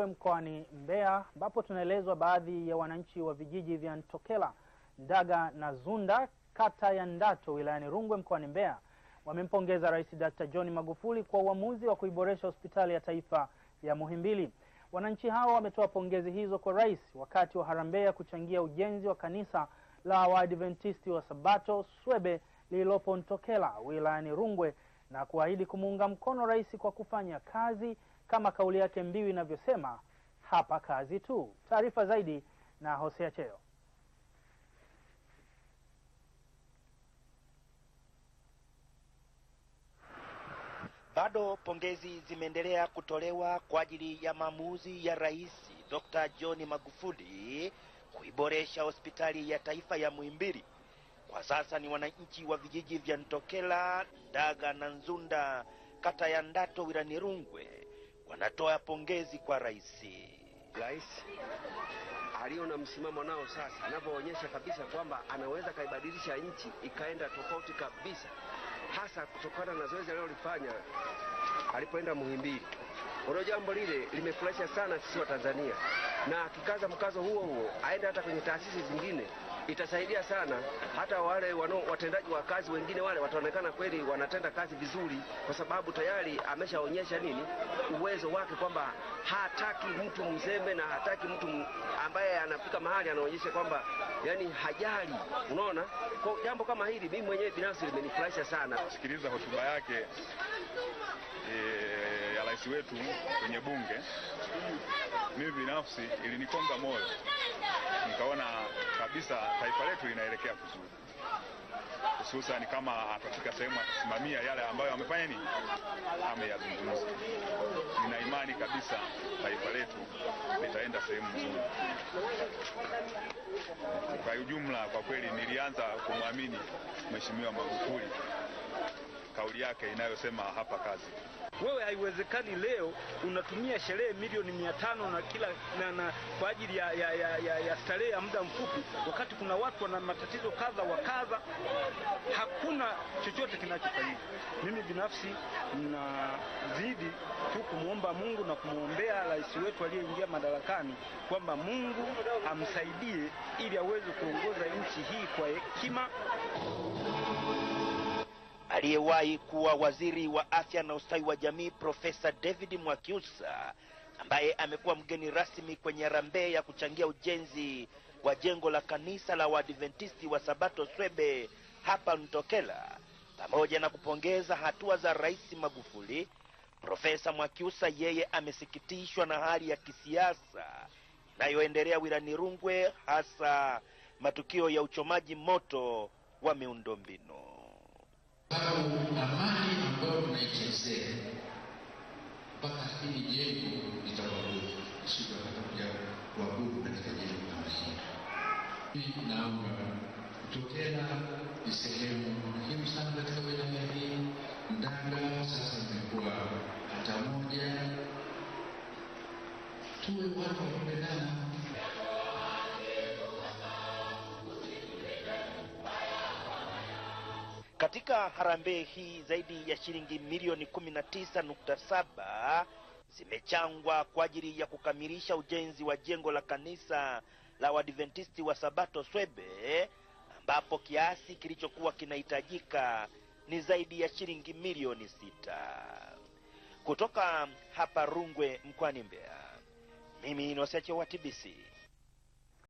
Songwe mkoani Mbeya, ambapo tunaelezwa baadhi ya wananchi wa vijiji vya Ntokela, Ndaga na Zunda, kata ya Ndato, wilayani Rungwe mkoani Mbeya, wamempongeza Rais Dr. John Magufuli kwa uamuzi wa kuiboresha hospitali ya taifa ya Muhimbili. Wananchi hao wametoa pongezi hizo kwa rais wakati wa harambee ya kuchangia ujenzi wa kanisa la Waadventisti wa Sabato Swebe lililopo Ntokela wilayani Rungwe na kuahidi kumuunga mkono rais kwa kufanya kazi kama kauli yake mbiu inavyosema, hapa kazi tu. Taarifa zaidi na Hosea Cheo. Bado pongezi zimeendelea kutolewa kwa ajili ya maamuzi ya Rais Dr. John Magufuli kuiboresha hospitali ya taifa ya Muhimbili. Kwa sasa ni wananchi wa vijiji vya Ntokela, Ndaga na Nzunda, kata ya Ndato, wilani Rungwe wanatoa pongezi kwa rais. Rais aliyo na msimamo nao sasa, anavyoonyesha kabisa kwamba anaweza kaibadilisha nchi ikaenda tofauti kabisa, hasa kutokana na zoezi alilolifanya alipoenda Muhimbili. Ono jambo lile limefurahisha sana sisi wa Tanzania, na akikaza mkazo huo huo aende hata kwenye taasisi zingine itasaidia sana hata wale wano, watendaji wa kazi wengine wale wataonekana kweli wanatenda kazi vizuri, kwa sababu tayari ameshaonyesha nini uwezo wake, kwamba hataki mtu mzembe na hataki mtu ambaye anafika mahali anaonyesha kwamba yani hajali. Unaona, kwa jambo kama hili mimi mwenyewe binafsi limenifurahisha sana kusikiliza hotuba yake e, ya rais wetu kwenye bunge. Mimi binafsi ilinikonga moyo, nikaona kabisa taifa letu linaelekea vizuri, hususani kama atafika sehemu atasimamia yale ambayo amefanya nini, ameyazungumza. Nina imani kabisa taifa letu litaenda sehemu nzuri. Kwa ujumla, kwa kweli nilianza kumwamini Mheshimiwa Magufuli yake inayosema hapa kazi. Wewe haiwezekani leo unatumia sherehe milioni mia tano na kila na, na, kwa ajili ya, ya, ya, ya, ya starehe ya muda mfupi, wakati kuna watu wana matatizo kadha wa kadha. Hakuna chochote kinachofanyika. Mimi binafsi nazidi tu kumwomba Mungu na kumwombea rais wetu aliyeingia madarakani kwamba Mungu amsaidie ili aweze kuongoza nchi hii kwa hekima aliyewahi kuwa waziri wa afya na ustawi wa jamii Profesa David Mwakiusa ambaye amekuwa mgeni rasmi kwenye harambee ya kuchangia ujenzi wa jengo la kanisa la Waadventisti wa Sabato Swebe hapa Ntokela, pamoja na kupongeza hatua za Rais Magufuli. Profesa Mwakiusa yeye amesikitishwa na hali ya kisiasa inayoendelea wilani Rungwe, hasa matukio ya uchomaji moto wa miundombinu au amani ambayo tunaichezea mpaka hili jengo litawabudu, sivyo watakuja kuabudu katika jengo kama hili. Naomba Tutela ni sehemu muhimu sana katika wilaya hii. Ndanda sasa imekuwa hata moja, tuwe watu wa Katika harambee hii zaidi ya shilingi milioni 19.7 zimechangwa kwa ajili ya kukamilisha ujenzi wa jengo la kanisa la Waadventisti wa Sabato Swebe, ambapo kiasi kilichokuwa kinahitajika ni zaidi ya shilingi milioni sita. Kutoka hapa Rungwe mkoani Mbeya, mimi ni Wasyache wa TBC.